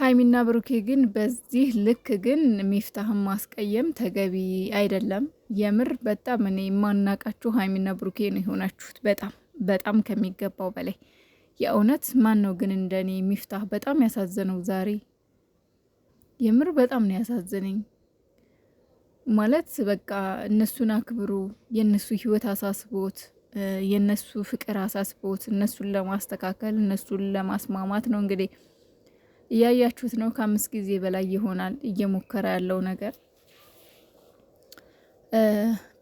ሀይሚና ብሩኬ ግን በዚህ ልክ ግን ሚፍታህን ማስቀየም ተገቢ አይደለም። የምር በጣም እኔ የማናቃችሁ ሀይሚና ብሩኬ ነው የሆናችሁት፣ በጣም በጣም ከሚገባው በላይ የእውነት። ማን ነው ግን እንደኔ ሚፍታህ በጣም ያሳዘነው ዛሬ? የምር በጣም ነው ያሳዘነኝ። ማለት በቃ እነሱን አክብሩ፣ የእነሱ ህይወት አሳስቦት የእነሱ ፍቅር አሳስቦት እነሱን ለማስተካከል እነሱን ለማስማማት ነው እንግዲህ እያያችሁት ነው። ከአምስት ጊዜ በላይ ይሆናል እየሞከረ ያለው ነገር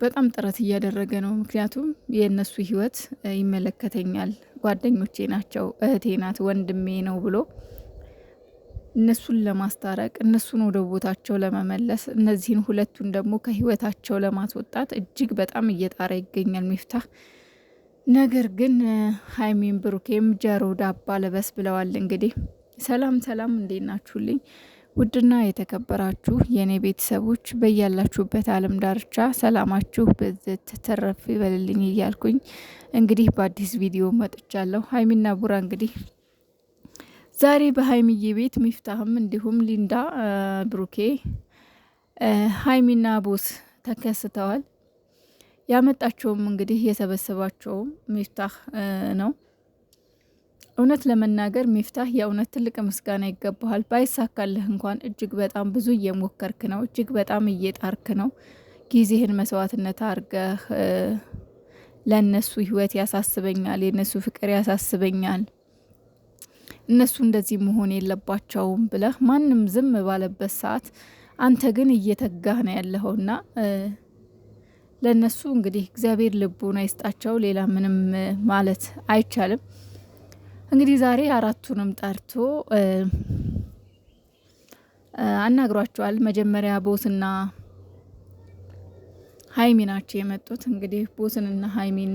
በጣም ጥረት እያደረገ ነው። ምክንያቱም የእነሱ ህይወት ይመለከተኛል፣ ጓደኞቼ ናቸው፣ እህቴ ናት፣ ወንድሜ ነው ብሎ እነሱን ለማስታረቅ እነሱን ወደ ቦታቸው ለመመለስ እነዚህን ሁለቱን ደግሞ ከህይወታቸው ለማስወጣት እጅግ በጣም እየጣረ ይገኛል ሚፍታህ። ነገር ግን ሀይሚን ብሩኬም ጀሮ ዳባ ልበስ ብለዋል እንግዲህ ሰላም ሰላም፣ እንዴት ናችሁልኝ? ውድና የተከበራችሁ የእኔ ቤተሰቦች በያላችሁበት ዓለም ዳርቻ ሰላማችሁ በዘት ተረፍ ይበልልኝ እያልኩኝ እንግዲህ በአዲስ ቪዲዮ መጥቻለሁ። ሀይሚና ቡራ እንግዲህ ዛሬ በሀይሚዬ ቤት ሚፍታህም እንዲሁም ሊንዳ ብሩኬ ሀይሚና ቦስ ተከስተዋል። ያመጣቸውም እንግዲህ የሰበሰባቸውም ሚፍታህ ነው። እውነት ለመናገር ሚፍታህ የእውነት ትልቅ ምስጋና ይገባሃል። ባይሳካልህ እንኳን እጅግ በጣም ብዙ እየሞከርክ ነው፣ እጅግ በጣም እየጣርክ ነው። ጊዜህን መስዋዕትነት አድርገህ ለእነሱ ህይወት ያሳስበኛል፣ የእነሱ ፍቅር ያሳስበኛል፣ እነሱ እንደዚህ መሆን የለባቸውም ብለህ ማንም ዝም ባለበት ሰዓት አንተ ግን እየተጋህ ነው ያለኸውና ለእነሱ እንግዲህ እግዚአብሔር ልቡን አይስጣቸው። ሌላ ምንም ማለት አይቻልም። እንግዲህ ዛሬ አራቱንም ጠርቶ አናግሯቸዋል። መጀመሪያ ቦስና ሀይሚ ናቸው የመጡት። እንግዲህ ቦስንና ሀይሚን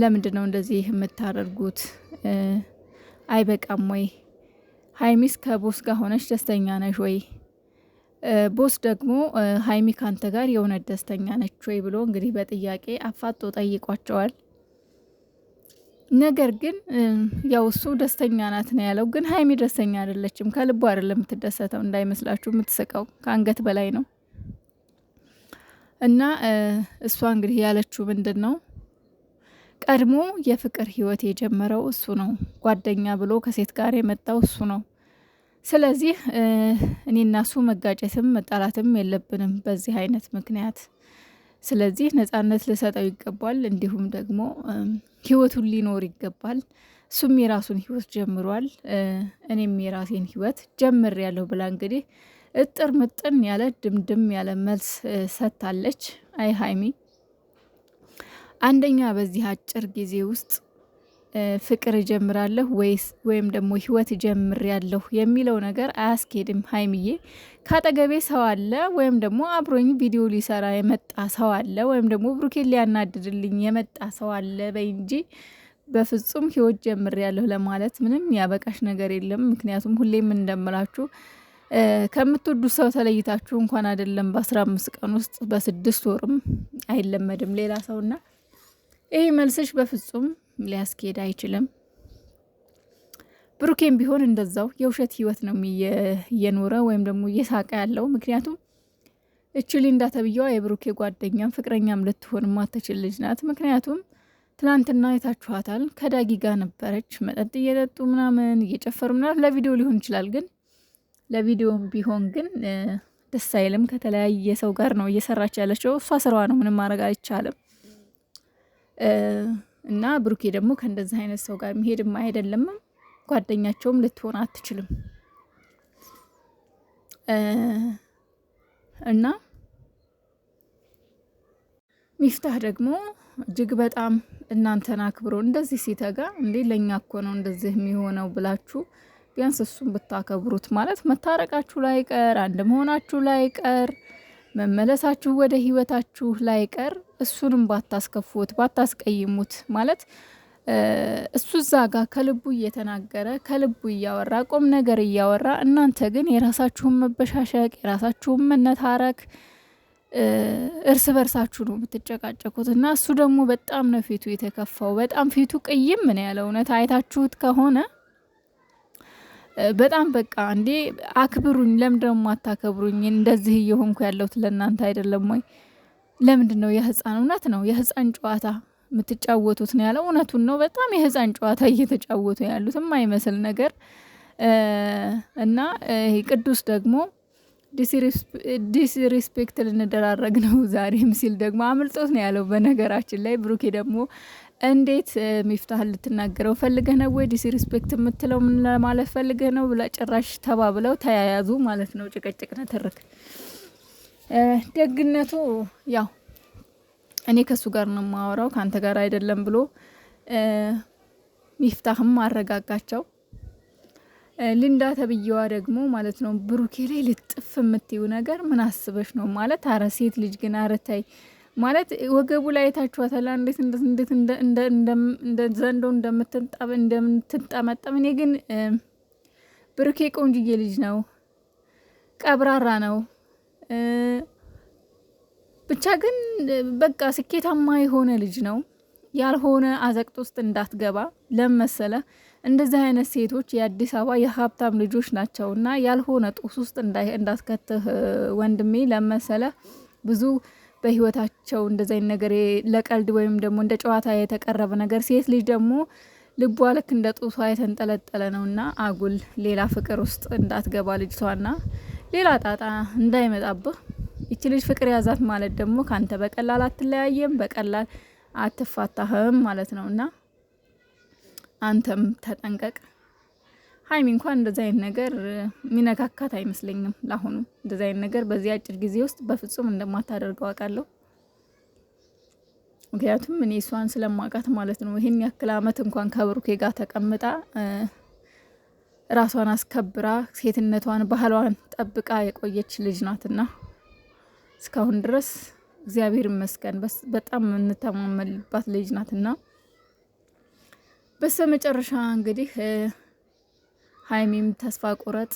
ለምንድን ነው እንደዚህ የምታደርጉት? አይበቃም ወይ? ሀይሚስ ከቦስ ጋር ሆነች ደስተኛ ነሽ ወይ? ቦስ ደግሞ ሀይሚ ካንተ ጋር የእውነት ደስተኛ ነች ወይ ብሎ እንግዲህ በጥያቄ አፋጦ ጠይቋቸዋል። ነገር ግን ያው እሱ ደስተኛ ናት ነው ያለው። ግን ሀይሚ ደስተኛ አይደለችም። ከልቡ አይደለም የምትደሰተው እንዳይመስላችሁ። የምትስቀው ከአንገት በላይ ነው። እና እሷ እንግዲህ ያለችው ምንድን ነው ቀድሞ የፍቅር ህይወት የጀመረው እሱ ነው፣ ጓደኛ ብሎ ከሴት ጋር የመጣው እሱ ነው። ስለዚህ እኔና እሱ መጋጨትም መጣላትም የለብንም በዚህ አይነት ምክንያት ስለዚህ ነጻነት ልሰጠው ይገባል። እንዲሁም ደግሞ ህይወቱን ሊኖር ይገባል። እሱም የራሱን ህይወት ጀምሯል፣ እኔም የራሴን ህይወት ጀምር ያለሁ ብላ እንግዲህ እጥር ምጥን ያለ ድምድም ያለ መልስ ሰጥታለች። አይ ሀይሚ አንደኛ በዚህ አጭር ጊዜ ውስጥ ፍቅር እጀምራለሁ ወይስ ወይም ደግሞ ህይወት ያለሁ የሚለው ነገር አያስኬድም። ሀይሚዬ ካጠገቤ ሰው አለ ወይም ደግሞ አብሮኝ ቪዲዮ ሊሰራ የመጣ ሰው አለ ወይም ደግሞ ብሩኬን ሊያናድድልኝ የመጣ ሰው አለ በይ እንጂ በፍጹም ህይወት ያለሁ ለማለት ምንም ያበቃሽ ነገር የለም። ምክንያቱም ሁሌም እንደምላችሁ ከምትወዱት ሰው ተለይታችሁ እንኳን አይደለም በአስራ አምስት ቀን ውስጥ በስድስት ወርም አይለመድም ሌላ ሰውና ይህ መልስሽ በፍጹም ሊያስኬድ አይችልም። ብሩኬም ቢሆን እንደዛው የውሸት ህይወት ነው እየኖረ ወይም ደግሞ እየሳቀ ያለው። ምክንያቱም እች ሊንዳ ተብዬዋ የብሩኬ ጓደኛም ፍቅረኛም ልትሆን ማትችል ልጅ ናት። ምክንያቱም ትናንትና አይታችኋታል፣ ከዳጊ ጋር ነበረች መጠጥ እየጠጡ ምናምን እየጨፈሩ ምናምን። ለቪዲዮ ሊሆን ይችላል፣ ግን ለቪዲዮም ቢሆን ግን ደስ አይልም። ከተለያየ ሰው ጋር ነው እየሰራች ያለችው። እሷ ስራዋ ነው፣ ምንም ማድረግ አይቻልም። እና ብሩኬ ደግሞ ከእንደዚህ አይነት ሰው ጋር መሄድም አይደለምም ጓደኛቸውም ልትሆን አትችልም። እና ሚፍታህ ደግሞ እጅግ በጣም እናንተን አክብሮ እንደዚህ ሲተጋ እንዴ ለእኛ እኮ ነው እንደዚህ የሚሆነው ብላችሁ ቢያንስ እሱን ብታከብሩት ማለት መታረቃችሁ ላይ ቀር አንድ መሆናችሁ ላይ ቀር መመለሳችሁ ወደ ህይወታችሁ ላይ ቀር እሱንም ባታስከፉት ባታስቀይሙት ማለት እሱ እዛ ጋር ከልቡ እየተናገረ ከልቡ እያወራ ቁም ነገር እያወራ እናንተ ግን የራሳችሁን መበሻሸቅ የራሳችሁን መነታረክ እርስ በርሳችሁ ነው የምትጨቃጨቁት። እና እሱ ደግሞ በጣም ነው ፊቱ የተከፋው። በጣም ፊቱ ቅይም ምን ያለ እውነት አይታችሁት ከሆነ በጣም በቃ እንዴ አክብሩኝ፣ ለምን ደግሞ አታከብሩኝ? እንደዚህ እየሆንኩ ያለሁት ለእናንተ አይደለም ወይ? ለምንድን ነው የህፃን እውነት ነው የህፃን ጨዋታ የምትጫወቱት ነው ያለው። እውነቱን ነው። በጣም የህፃን ጨዋታ እየተጫወቱ ያሉት የማይመስል ነገር እና ቅዱስ ደግሞ ዲስሪስፔክት ልንደራረግ ነው ዛሬም ሲል ደግሞ አምልጦት ነው ያለው። በነገራችን ላይ ብሩኬ ደግሞ እንዴት ሚፍታህ ልትናገረው ፈልገህ ነው ወይ ዲስሪስፔክት የምትለው ምን ለማለት ፈልገህ ነው ብላ ጭራሽ ተባብለው ተያያዙ ማለት ነው። ጭቅጭቅ ነትርክ ደግነቱ ያው እኔ ከእሱ ጋር ነው የማወራው ከአንተ ጋር አይደለም ብሎ ሚፍታህም አረጋጋቸው። ልንዳ ተብዬዋ ደግሞ ማለት ነው ብሩኬ ላይ ልጥፍ የምትዩ ነገር ምን አስበሽ ነው ማለት አረ ሴት ልጅ ግን አረታይ ማለት ወገቡ ላይ የታችኋታላ እንዴት እንዴት እንደ ዘንዶ እንደምትንጠመጠም። እኔ ግን ብሩኬ ቆንጅዬ ልጅ ነው፣ ቀብራራ ነው ብቻ ግን በቃ ስኬታማ የሆነ ልጅ ነው። ያልሆነ አዘቅት ውስጥ እንዳትገባ ለመሰለ እንደዚህ አይነት ሴቶች የአዲስ አበባ የሀብታም ልጆች ናቸው እና ያልሆነ ጦስ ውስጥ እንዳትከትህ ወንድሜ ለመሰለ ብዙ በህይወታቸው እንደዚህ ነገር ለቀልድ ወይም ደግሞ እንደ ጨዋታ የተቀረበ ነገር ሴት ልጅ ደግሞ ልቧ ልክ እንደ ጡቷ የተንጠለጠለ ነውና አጉል ሌላ ፍቅር ውስጥ እንዳትገባ ልጅቷና ሌላ ጣጣ እንዳይመጣብህ። ይቺ ልጅ ፍቅር ያዛት ማለት ደግሞ ከአንተ በቀላል አትለያየም፣ በቀላል አትፋታህም ማለት ነው እና አንተም ተጠንቀቅ። ሀይሚ እንኳን እንደዚ አይነት ነገር የሚነካካት አይመስለኝም። ለአሁኑ እንደዚ አይነት ነገር በዚህ አጭር ጊዜ ውስጥ በፍጹም እንደማታደርገው አውቃለሁ። ምክንያቱም እኔ እሷን ስለማውቃት ማለት ነው። ይህን ያክል አመት እንኳን ከብሩኬ ጋር ተቀምጣ ራሷን አስከብራ ሴትነቷን ባህሏን ጠብቃ የቆየች ልጅ ናትና እስካሁን ድረስ እግዚአብሔር ይመስገን በጣም የምንተማመልባት ልጅ ናትና በስተ መጨረሻ እንግዲህ ሀይሚም ተስፋ ቁረጥ፣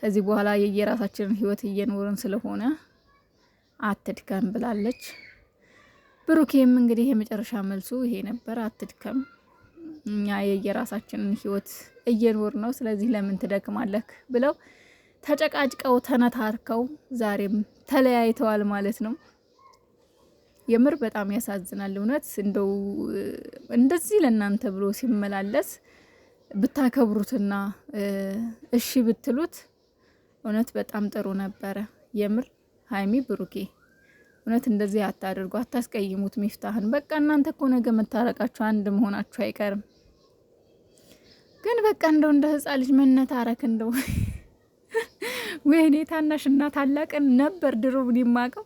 ከዚህ በኋላ የየራሳችንን ህይወት እየኖርን ስለሆነ አትድከም ብላለች። ብሩኬም እንግዲህ የመጨረሻ መልሱ ይሄ ነበር፣ አትድከም፣ እኛ የየራሳችንን ህይወት እየኖር ነው። ስለዚህ ለምን ትደክማለህ ብለው ተጨቃጭቀው ተነታርከው ዛሬም ተለያይተዋል ማለት ነው። የምር በጣም ያሳዝናል። እውነት እንደው እንደዚህ ለእናንተ ብሎ ሲመላለስ ብታከብሩትና እሺ ብትሉት እውነት በጣም ጥሩ ነበረ። የምር ሀይሚ ብሩኬ እውነት እንደዚህ አታድርጉ፣ አታስቀይሙት ሚፍታህን። በቃ እናንተ እኮ ነገ መታረቃችሁ አንድ መሆናችሁ አይቀርም። ግን በቃ እንደው እንደ ህፃን ልጅ መነታረክ እንደው ወይኔ ታናሽና ታላቅ ነበር ድሮ የማውቀው።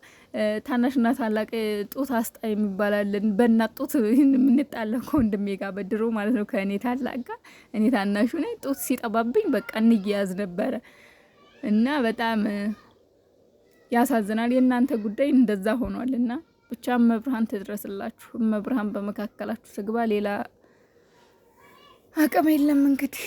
ታናሽና ታላቅ ጡት አስጣ የሚባላለን በእናት ጡት የምንጣለው ከወንድሜ ጋር በድሮ ማለት ነው። ከእኔ ታላቅ ጋር እኔ ታናሹ ነኝ። ጡት ሲጠባብኝ በቃ እንያያዝ ነበረ እና በጣም ያሳዝናል። የእናንተ ጉዳይ እንደዛ ሆኗል እና ብቻ መብርሃን ትድረስላችሁ፣ መብርሃን በመካከላችሁ ትግባ ሌላ አቅም የለም እንግዲህ